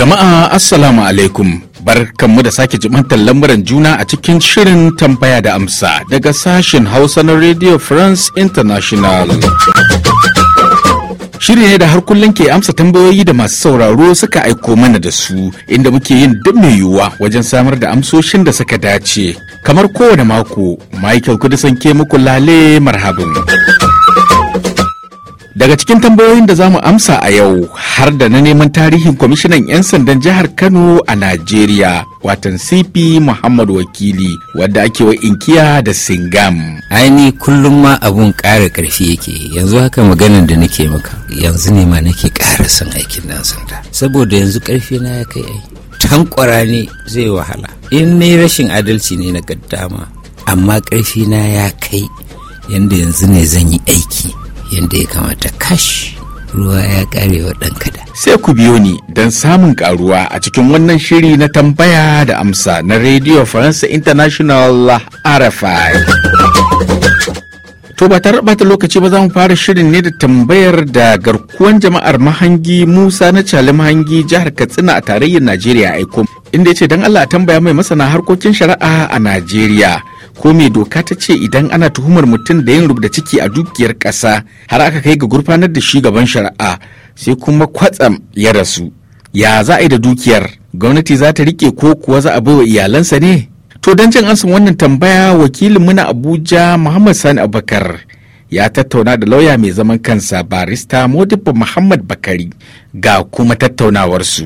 Jama'a Assalamu alaikum barkanmu da sake jimantar lamuran juna a cikin shirin tambaya da amsa daga sashen Hausa na Radio France International. Shiri ne da har kullum ke amsa tambayoyi da masu sauraro suka aiko mana da su inda muke yin duk mai yiwuwa wajen samar da amsoshin da suka dace. Kamar kowane mako, Michael Kudisan ke muku lale marhabin. Daga cikin tambayoyin da za mu amsa a yau har da na neman tarihin kwamishinan 'yan sandan jihar Kano a Najeriya, watan CP Muhammad Wakili, wadda ake wa inkiya da Singam. Aini kullum ma abun ƙara ƙarfi yake, yanzu haka maganin da nake maka, yanzu ne ma nake ƙara son aikin nan sanda. Saboda yanzu ƙarfi na ya kai ai, tankwara ne zai wahala. In ne rashin adalci ne na gaddama, amma ƙarfi na ya kai yanda yanzu ne zan yi aiki. yadda ya kamata kash ruwa ya kare wa ɗan kada. Sai ku biyo ni don samun karuwa a cikin wannan shiri na tambaya da amsa na Radio Faransa International RFI. To ba tare ɓata lokaci ba za mu fara shirin ne da tambayar da garkuwan jama'ar mahangi Musa na Cali mahangi jihar Katsina a tarayyar Najeriya aiko. Inda ya ce don Allah tambaya mai masana harkokin shari'a a Najeriya. ko mai doka ta ce idan ana tuhumar mutum da yin rubda ciki a dukiyar ƙasa har aka kai ga gurfanar da shugaban shari'a sai kuma kwatsam ya rasu ya za a yi da dukiyar gwamnati za ta rike ko kuwa za a baiwa iyalansa ne to don jin ansan wannan tambaya wakilin muna abuja muhammad sani abubakar ya tattauna da lauya mai zaman kansa barista modibo muhammad bakari ga kuma tattaunawarsu.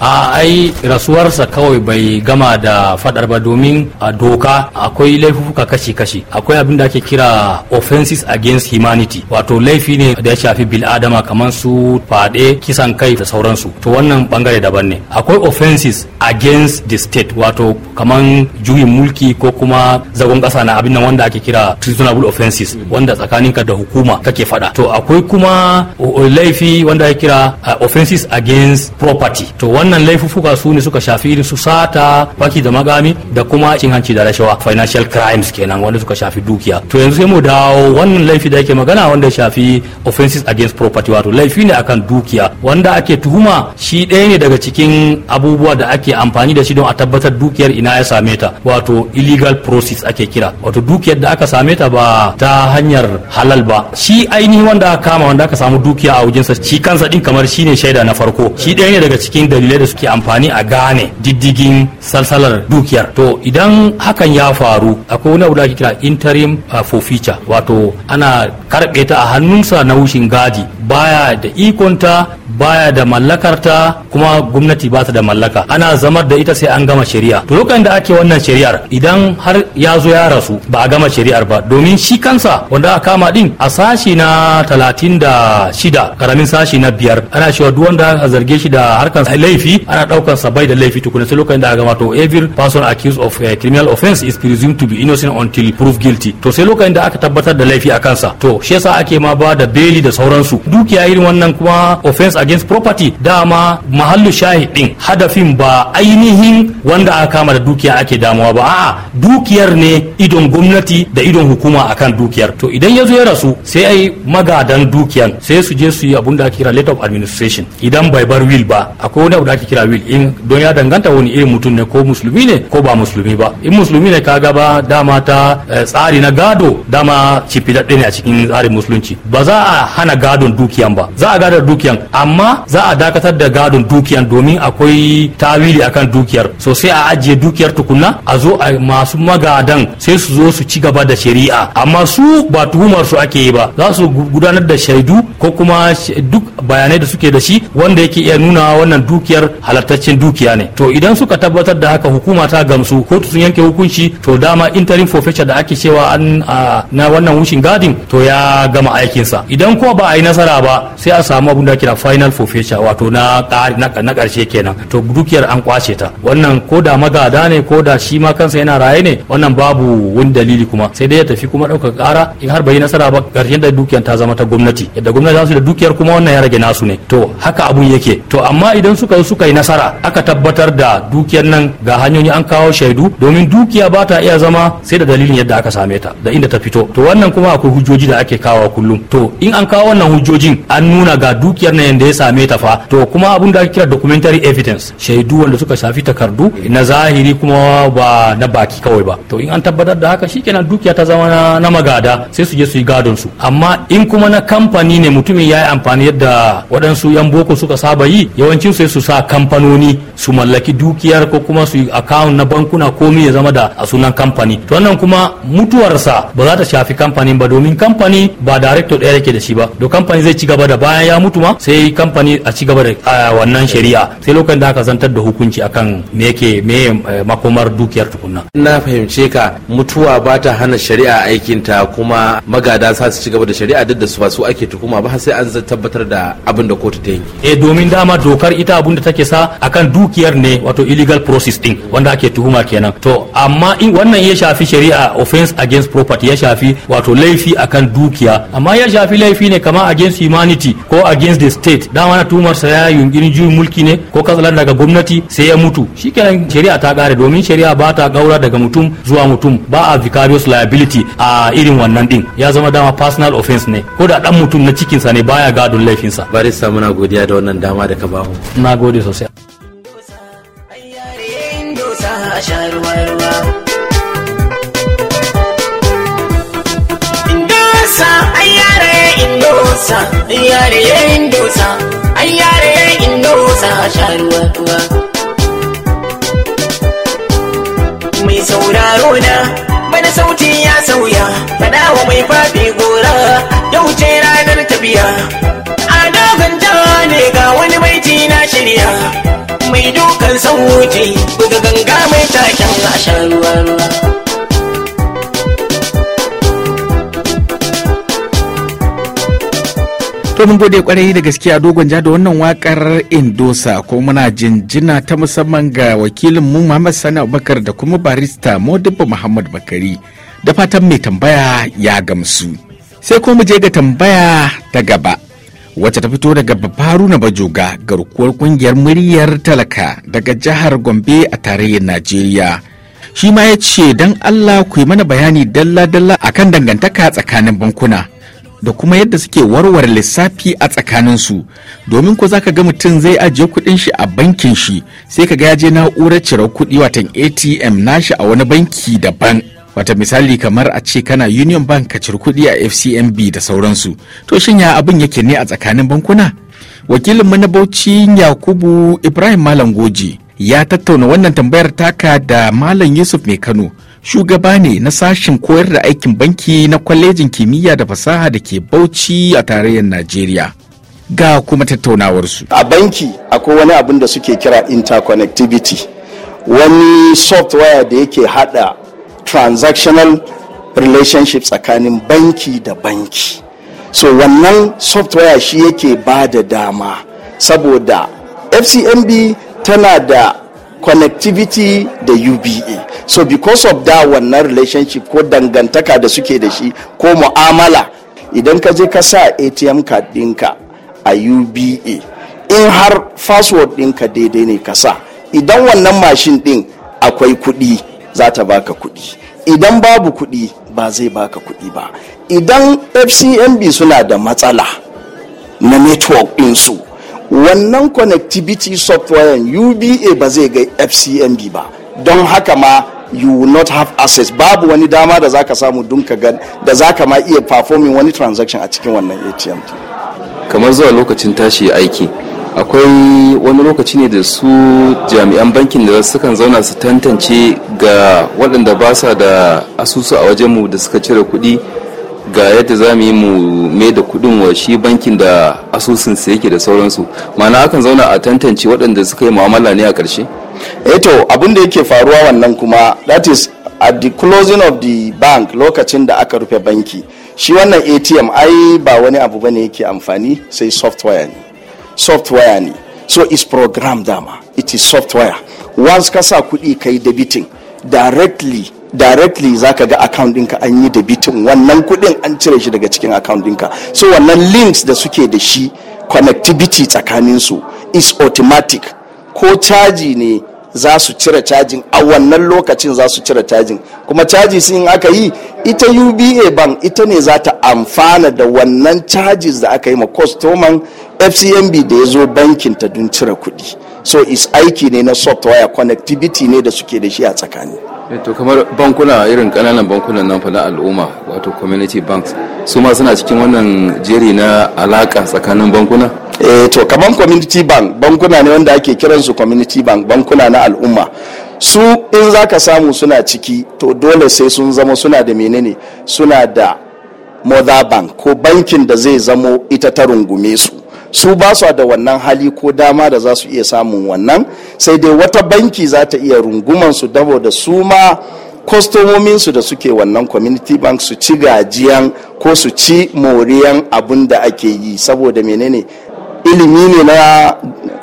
a ai rasuwarsa kawai bai gama da fadar ba domin a doka akwai laifuka kashi-kashi akwai abin da ake kira offenses against humanity wato laifi ne da ya shafi bil'adama kamar su fade kisan kai da sauransu to wannan bangare daban ne akwai offenses against the state wato kamar juyin mulki ko kuma zagon kasa na abin nan wanda ake kira treasonable offenses wanda tsakaninka da hukuma kake fada to akwai kuma laifi wanda ake kira da offenses against property to wannan laifuffuka su ne suka shafi irin su sata faki da magami da kuma cin hanci da rashawa financial crimes kenan wanda suka shafi dukiya to yanzu sai mu dawo wannan laifi da yake magana wanda ya shafi offenses against property wato laifi ne akan dukiya wanda ake tuhuma shi ɗaya ne daga cikin abubuwa da ake amfani da shi don a tabbatar dukiyar ina ya same ta wato illegal process ake kira wato dukiyar da aka same ta ba ta hanyar halal ba shi ainihi wanda aka kama wanda aka samu dukiya a wajensa shi kansa din kamar shi shine shaida na farko shi ɗaya ne daga cikin dalilai da suke amfani a gane diddigin salsalar dukiyar to idan hakan ya faru akwai wani abu da ake kira interim uh, future wato ana karɓe ta a hannunsa na wushin gadi baya da ikonta baya da mallakarta kuma gwamnati ba ta da mallaka ana zamar da ita sai an gama shari'a to lokacin da ake wannan shari'ar idan har ya zo ya rasu ba a gama shari'ar ba domin shi kansa wanda aka kama din a sashi na talatin da shida karamin sashi na biyar ana cewa duk wanda aka zarge shi da harkar laifi ana ɗaukar sa bai da laifi tukuna sai lokacin da aka gama to every person accused of a eh, criminal offense is presumed to be innocent until proved guilty to sai lokacin da aka tabbatar da laifi a kansa to shi yasa ake ma ba da beli da sauransu dukiya irin wannan kuma offense against property dama mahallu shahidin din hadafin ba ainihin wanda aka kama da dukiya ake damuwa ba a'a dukiyar ne idon gwamnati da idon hukuma akan dukiyar to idan ya zo ya rasu sai ai magadan dukiyan sai su je su yi abun da ake kira letter of administration idan bai bar will ba akwai wani abu da ake kira will in don ya danganta wani irin mutum ne ko musulmi ne ko ba musulmi ba in musulmi ne kaga ba dama ta eh, tsari na gado dama cifidadde ne a cikin cikin tsarin musulunci ba za a hana gadon dukiyan ba za a gada dukiyan amma za a dakatar da gadon dukiyan domin akwai tawili akan dukiyar so sai a ajiye dukiyar tukunna a zo a masu magadan sai su zo su ci gaba da shari'a amma su ba tuhumar su ake yi ba za su gudanar da shaidu ko kuma duk bayanai da suke da shi wanda yake iya nuna wannan dukiyar halartaccen dukiya ne to idan suka tabbatar da haka hukuma ta gamsu kotu sun yanke hukunci to dama interim forfeiture da ake cewa an na wannan wushin gadin to ya gama aikinsa idan kuma ba a yi nasara ba sai a samu abin da kira final forfeiture wato na na karshe kenan to dukiyar an kwace ta wannan ko da magada ne ko da shi ma kansa yana raye ne wannan babu wani dalili kuma sai dai ya tafi kuma ɗaukar ƙara in har bai yi nasara ba karshen da dukiyar ta zama ta gwamnati yadda gwamnati za su da dukiyar kuma wannan ya rage yake nasu ne to haka abun yake to amma idan suka suka yi nasara aka tabbatar da dukiyar nan ga hanyoyi an kawo shaidu domin dukiya ba ta iya zama sai da dalilin yadda aka same ta da inda ta fito to wannan kuma akwai hujjoji da ake kawo kullum to in an kawo wannan hujjojin an nuna ga dukiyar nan yadda ya same ta fa to kuma abun da ake kira documentary evidence shaidu wanda suka shafi takardu na zahiri kuma ba na baki kawai ba to in an tabbatar da haka shikenan dukiya ta zama na magada sai su je su yi gadon su amma in kuma na kamfani ne mutumin ya yi amfani yadda waɗansu yan boko suka saba yi yawancin sai su sa kamfanoni su mallaki dukiyar ko kuma su account na bankuna komai ya zama da a sunan kamfani to wannan kuma mutuwarsa ba za ta shafi kamfani ba domin kamfani ba director ɗaya yake da shi ba to kamfani zai ci gaba da bayan ya mutu ma sai kamfani a ci gaba da wannan shari'a sai lokacin da aka zantar da hukunci akan me yake me eh, makomar dukiyar tukunna na fahimce ka mutuwa ba ta hana shari'a aikin ta. kuma magada sa su ci gaba da shari'a duk da su ba su ake tukuma ba sai an tabbatar da abin da kotu ta yi eh domin dama dokar ita abin da take sa akan duk dukiyar ne wato illegal process din wanda ake tuhuma kenan to amma in wannan ya shafi shari'a offense against property ya shafi wato laifi akan dukiya amma ya shafi laifi ne kama against humanity ko against the state dama na tuhumar sa ya yunkirin juyin mulki ne ko katsalar daga gwamnati sai ya mutu shi shikenan shari'a ta kare domin shari'a ba ta gaura daga mutum zuwa mutum ba a vicarious liability a irin wannan din ya zama dama personal offense ne ko da dan mutum na cikinsa ne baya gadon laifinsa barista muna godiya da wannan dama da ka bamu na gode sosai dosa yare yayin dosa ai yare yayin dosa sha ruwa ruwa mai sauraro na bana sauti ya sauya fada wa mai faɗi gora yau ce ranar tafiya a dogon ne ga wani mai na shirya mai dukan sauti buga ganga mai taken a sha ruwa to mun gode kwarai da gaskiya dogon ja da wannan wakar indosa ko muna jinjina ta musamman ga wakilin mu Muhammad Sani Abubakar da kuma barista Modibbo Muhammad Bakari da fatan mai tambaya ya gamsu sai ko mu je ga tambaya ta gaba wacce ta fito daga na Bajoga garkuwar kungiyar muryar talaka daga jihar Gombe a tarayyar Najeriya. Shi ma ya ce don Allah ku yi mana bayani dalla-dalla akan dangantaka tsakanin bankuna. da kuma yadda suke warware lissafi a tsakaninsu domin ko zaka ga mutum zai ajiye kuɗin shi a bankin shi sai ka ga je na'urar cire kuɗi watan atm nashi a wani banki daban wata misali kamar a ce kana union bank ka cire kuɗi a fcmb da sauransu to shin ya abin yake ne a tsakanin bankuna wakilin mu na bauchi yakubu ibrahim malam goji ya tattauna wannan tambayar taka da malam yusuf mai kano shugaba ne na sashen koyar da aikin banki na kwalejin kimiyya da fasaha da ke bauchi a tarayyar najeriya ga kuma tattaunawar su. a banki akwai wani abin da suke kira interconnectivity wani software da yake hada transactional relationship tsakanin banki da banki so wannan software shi yake ba da dama saboda fcmb tana da connectivity da uba so because of that wannan relationship ko dangantaka da suke da shi ko mu'amala idan ka je ka sa atm card ɗinka a uba in har password ɗinka daidai ne ka sa idan wannan mashin ɗin akwai kuɗi za ta baka kuɗi idan babu kuɗi ba zai baka kuɗi ba idan fcmb suna da matsala na network ɗinsu wannan connectivity software uba ba zai ga fcmb ba don haka ma you will not have access babu wani dama da zaka samu dunka da zaka ma iya performing wani transaction a cikin wannan atm kamar zuwa lokacin tashi aiki akwai wani lokaci ne da su jami'an bankin da sukan zauna su tantance ga waɗanda ba sa da asusu a wajenmu da suka cire kuɗi ga yadda za mu yi mu mai da kudin wa shi bankin da asusun sa yake da sauransu ma'ana akan zauna a tantance waɗanda suka yi mu'amala ne a ƙarshe Eto, eh to abin da yake faruwa wannan kuma that is at the closing of the bank lokacin da aka rufe banki shi wannan atm ai ba wani abu bane yake amfani sai software ne software ne so is program dama it is software once ka sa kuɗi kai debiting directly directly za ka ga account dinka an yi bitin wannan kuɗin an cire shi daga cikin account ɗinka so wannan links da suke da shi connectivity tsakaninsu is automatic ko caji ne za su cire cajin a wannan lokacin za su cire cajin kuma caji sun aka yi ita uba bank ita ne za ta amfana da wannan charges da aka yi ma customer fcmb da ya zo bankin ta don cire kuɗi so is aiki ne na software connectivity ne da suke da shi a tsakani Eh, to kamar bankuna irin kananan bankunan nan fa na al'umma wato community banks su ma suna cikin wannan jeri na alaka tsakanin bankuna eh to kamar community bank bankuna ne wanda ake kiransu community bank bankuna na al'umma su in zaka samu suna ciki to dole sai sun zama suna da menene suna da mother bank ko bankin da zai zamo ita ta rungume su su ba su da wannan hali ko dama da za su iya samun wannan sai dai wata banki za ta iya runguman su da su ma kwastomomin su da suke wannan community bank su ci gajiyan ko su ci moriyan abin da ake yi saboda menene ilimi ne na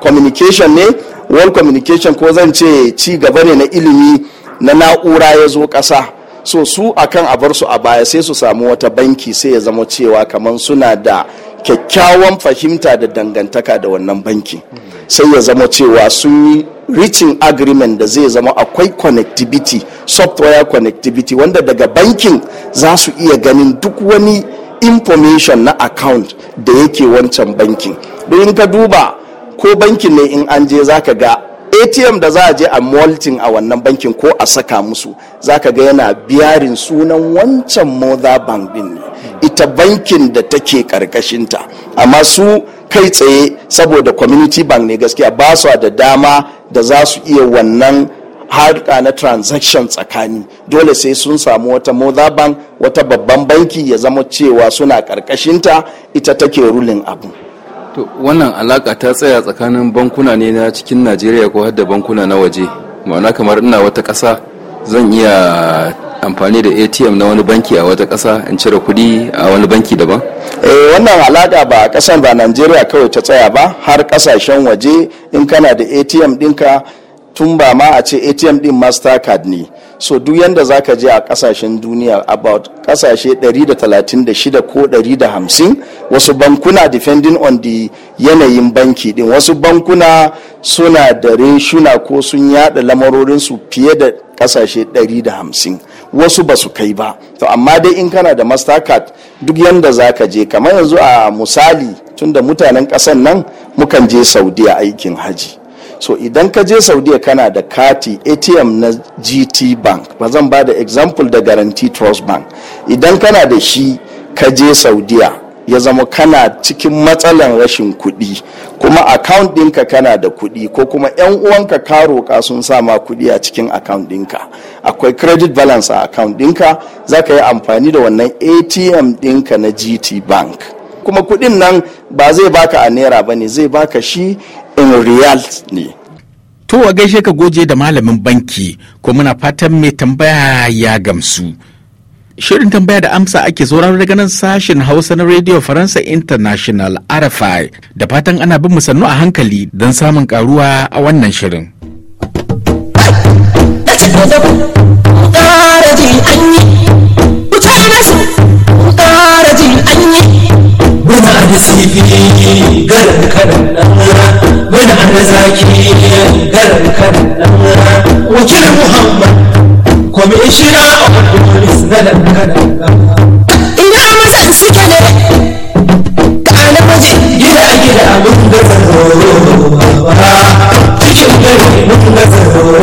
communication ne world communication ko zan ce ci gaba ne na ilimi na na'ura ya zo ƙasa so su akan a bar su a baya sai su samu wata banki sai ya zama cewa kamar suna da kyakkyawan fahimta da dangantaka da wannan banki sai ya zama cewa sun yi reaching agreement da zai zama akwai connectivity software connectivity wanda daga bankin za su iya ganin duk wani information na account da yake wancan bankin don ka duba ko bankin ne in an je za ka ga atm da za a je a molting a wannan bankin ko a saka musu za ka ga yana biyarin sunan wancan mother bank din ne ita bankin da take karkashinta amma su kai tsaye saboda community bank ne gaskiya ba su da dama da za su iya wannan harka na transaction tsakani dole sai sun samu wata mother bank wata babban banki ya zama cewa suna karkashinta ita take rulin abu to wannan alaka ta tsaya tsakanin bankuna ne na cikin najeriya ko har da bankuna na waje ma'ana kamar ina wata ƙasa zan iya amfani da atm na wani banki a wata ƙasa in cire kuɗi a wani banki daban eh wannan alaka ba kasan ba najeriya kawai ta tsaya ba har kasashen waje in kana da atm ɗinka tun ba ma a ce atm din mastercard ne so duk yanda za ka je a kasashen duniya about kasashe 136 ko 150 wasu bankuna depending on the yanayin banki din wasu bankuna suna da reshuna ko sun yada su fiye da kasashe 150 wasu ba su kai ba to amma dai in kana da mastercard duk yanda za ka je kamar yanzu a misali tunda mutanen kasan nan mukan je saudiya aikin haji so idan ka je saudiya kana da kati atm na gt bank ba zan ba da example da guarantee trust bank idan kana da shi ka je saudiya ya zama kana cikin matsalan rashin kuɗi kuma account ɗinka kana da kuɗi ko kuma 'yan uwanka ka roƙa sun sama kuɗi a cikin account ɗinka akwai credit balance a account ɗinka za ka yi amfani da wannan atm ɗinka na gt bank kuma kuɗin nan ba zai baka a naira ba ne zai baka shi in real ne to a gaishe ka goje da malamin banki ko muna fatan mai tambaya ya gamsu Shirin tambaya da amsa ake sauran daga nan sashen Hausa na Radio Faransa International RFI da fatan ana bin sannu a hankali don samun karuwa a wannan shirin. Ƙaraji an yi, wuce nasu, ƙaraji an yi. muna da sifi garin karin nan muna da zaki garin karin nan wakil muhammad kwamishina a wadda polis na nan karin nan ina mazan suke ne kana waje gida gida mun ga tsaro ba cikin gari mun ga tsaro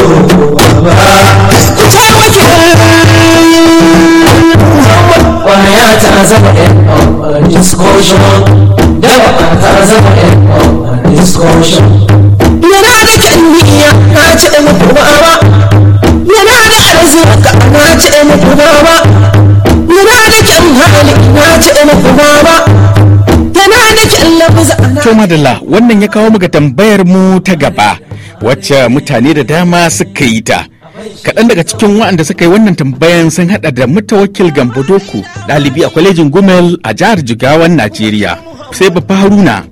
because Yana da na ce ba Yana da na ce ba Yana da hali na ce ba Yana da wannan ya kawo mu ga tambayar mu ta gaba wacce mutane da dama suka yi ta. kaɗan daga cikin wa'anda suka yi wannan tambayan sun haɗa da mutawakil gambodoku ɗalibi a kwalejin gumel a jihar jigawan najeriya sai babba haruna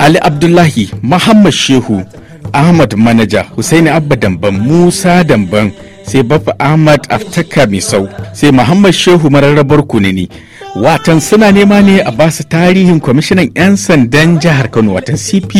ali abdullahi muhammad shehu ahmad manaja husaini abba damban musa damban sai bafa ahmad aftaka misau sai muhammad shehu mararrabar kunini watan suna nema ne a basu tarihin kwamishinan 'yan sandan jihar kano watan cp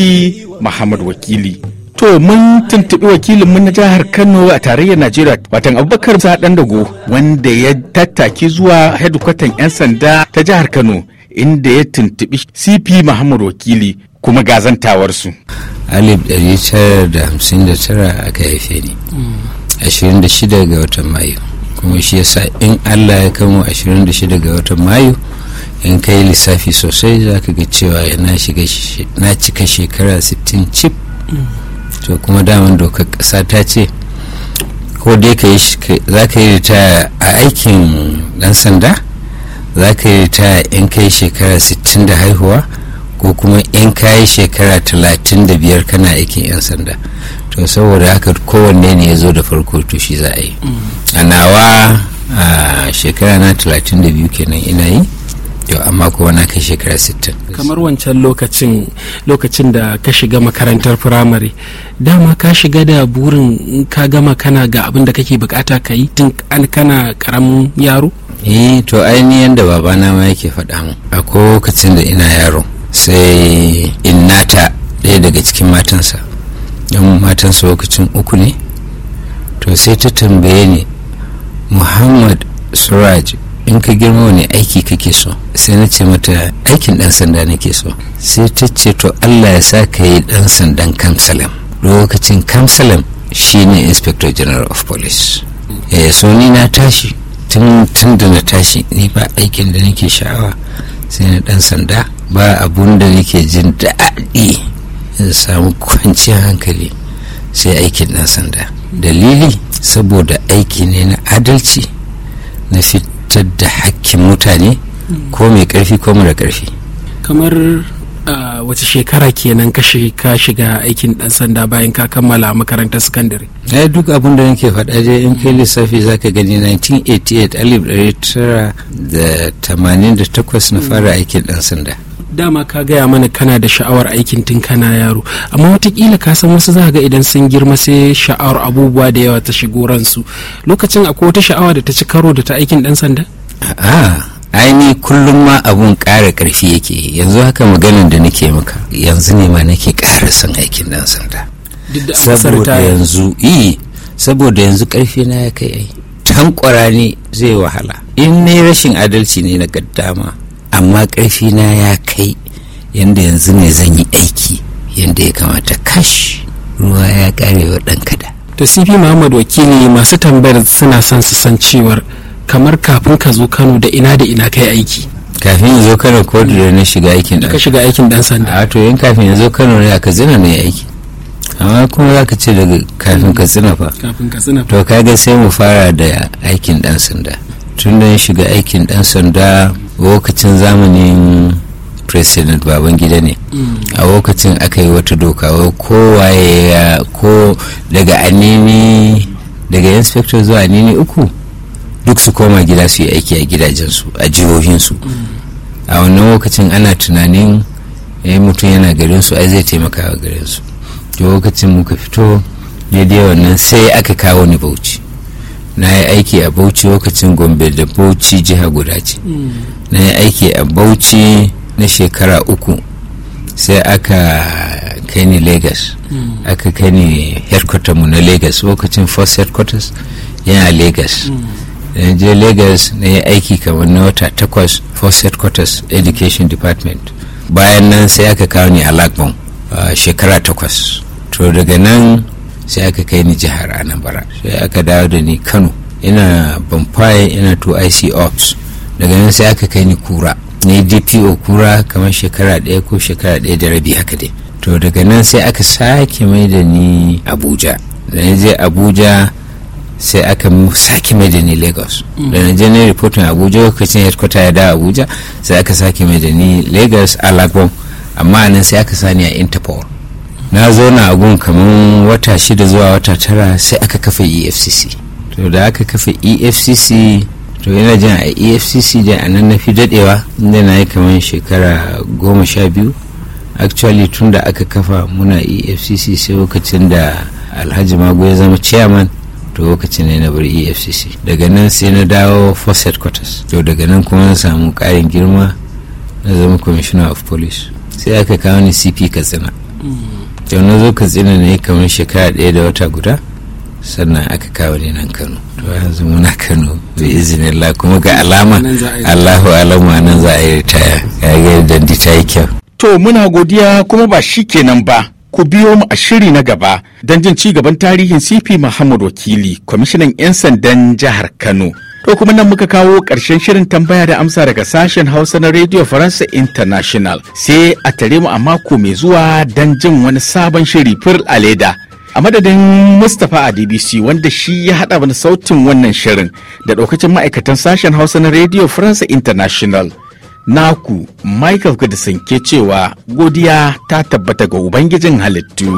muhammad wakili To mun tuntuɓi wakilin mu na jihar Kano a tarayyar Najeriya watan Abubakar Zaɗan Dago wanda ya tattaki zuwa hedikwatan 'yan sanda ta jihar Kano inda ya tuntuɓi CP Muhammad Wakili kuma gazantawarsu. Alif 1959 aka haife ni. 26 ga watan Mayu. Kuma shi yasa in Allah ya kamo 26 ga watan Mayu in kai lissafi sosai za ka ga cewa na cika shekara 60 cif. to kuma daman dokar ƙasa ta ce ko dai ka yi za ka yi ritaya a aikin ɗan sanda za ka yi ritaya in kai shekara 60 da haihuwa ko kuma in kai shekara 35 kana aikin 'yan sanda to saboda haka kowanne ne ya zo da farko to shi za a yi mm. a nawa a shekara na 32 kenan ina yi yau amma kuwa na kai shekara 60 kamar wancan lokacin lokacin da ka shiga makarantar firamare dama ka shiga da burin ka gama kana ga abin da kake bukata ka yi tun an kana karamin yaro eh to ainihin da babana ma yake faɗa mu a lokacin da ina yaro sai innata ɗaya daga cikin matansa yan matansa lokacin uku ne to sai ta tambaye ni muhammad suraj in ka girma wani aiki kake so sai na ce mata aikin dan sanda nake so sai ta ce to allah ya sa ka yi dan sandan kamsalam lokacin kamsalam ne inspector general of police ya eh, so ni na tashi tun tun da na tashi ni ba aikin da nake sha'awa sai na dan sanda ba abun da nake jin daɗi in samu kwanciyar hankali sai aikin dan sanda dalili saboda aiki ne na adalci na fit tabbatar da hakkin mutane ko mai karfi ko mara karfi kamar wace shekara kenan ka shiga aikin dan sanda bayan ka kammala makarantar sakandare eh duk abin da nake faɗa je in kai lissafi zaka gani 1988 alif da 1988 na fara aikin dan sanda dama ka gaya mana kana da sha'awar aikin tun kana yaro amma watakila ka san wasu za ga idan sun girma sai sha'awar abubuwa da yawa ta shigo ransu lokacin akwai wata sha'awa da ta ci karo da ta aikin dan sanda a'a aini kullum ma abun ƙara ƙarfi yake yanzu haka maganin da nake maka yanzu ne ma nake ƙara son aikin dan sanda saboda yanzu yi eh, saboda yanzu ƙarfi na ya kai ai tankwara ne zai wahala in ne rashin adalci ne na gaddama amma ƙarfina ya kai yanda yanzu ne zan yi aiki yanda ya kamata kash ruwa ya ƙare wa ɗan kada to cp muhammad wakili masu tambayar suna son su san cewar kamar kafin ka zo kano da ina da ina kai aiki kafin zo kano ko da na shiga aikin ɗan ka shiga aikin dan sanda a to yin kafin zo kano ne aka zina ne aiki amma kuma za ka ce daga kafin ka zina fa to kaga sai mu fara da aikin dan sanda tun da ya shiga aikin dan sanda lokacin zamanin president babangida ne a lokacin aka yi wata doka kowaye ya ko daga anini daga inspector zuwa anini uku duk su koma gida su yi aiki a gidajensu a jihohinsu a wannan lokacin ana tunanin ya eh, mutum yana garinsu ai zai taimaka wa garinsu lokacin muka fito daidai wannan sai aka kawo ni bauchi na yi aiki a bauchi lokacin gombe da bauchi jiha guda ce na yi aiki a bauchi na shekara uku sai aka kai ni lagos aka kai ni headquarter mu na lagos lokacin first headquarters yana lagos na je lagos na yi aiki kamar na wata takwas first headquarters education department bayan nan sai aka kawo ni a lagbon shekara takwas to daga nan sai aka kai ni jihar anambra sai aka dawo da ni kano ina bamfaye ina to ic ops daga nan sai aka kai ni kura ni dpo kura kamar shekara ɗaya ko shekara ɗaya da rabi haka dai to daga nan sai aka sake mai da ni abuja da na je abuja sai aka sake mai da ni lagos mm. da na je na reporting abuja lokacin headquarter ya dawo abuja sai aka sake mai da ni lagos alagbon amma nan sai aka sani a interpol na zauna a gun kamar wata shida zuwa wata tara sai aka kafa efcc to da aka kafa EFCC, to yana jin a efcc da a nan na fi dadewa inda na yi kamar shekara goma sha biyu actually tun da aka kafa muna efcc sai lokacin da alhaji mago ya zama chairman to lokacin ne na bar efcc daga nan sai na dawo first headquarters to daga nan kuma na samu karin girma na zama commissioner of police sai aka kawo ni cp katsina da na zo ka tsina ne kamar shekara ɗaya da wata guda sannan aka kawo ni nan kano to yanzu muna kano da izinin la kuma ga alama allahu alamu nan za a yi ritaya ya ga yadda ta yi kyau to muna godiya kuma ba shi kenan ba ku biyo mu a shiri na gaba don jin ci gaban tarihin cp muhammad wakili kwamishinan 'yan sandan jihar kano To kuma nan muka kawo ƙarshen shirin tambaya da amsa daga sashen Hausa na Radio Faransa International. Sai a tare mu a mako mai zuwa don jin wani sabon shiri fir a leda. A madadin Mustapha a DBC wanda shi ya haɗa mana sautin wannan shirin da ɗaukacin ma'aikatan sashen Hausa na Radio Faransa International. Naku Michael Goodison ke cewa godiya ta tabbata ga Ubangijin halittu.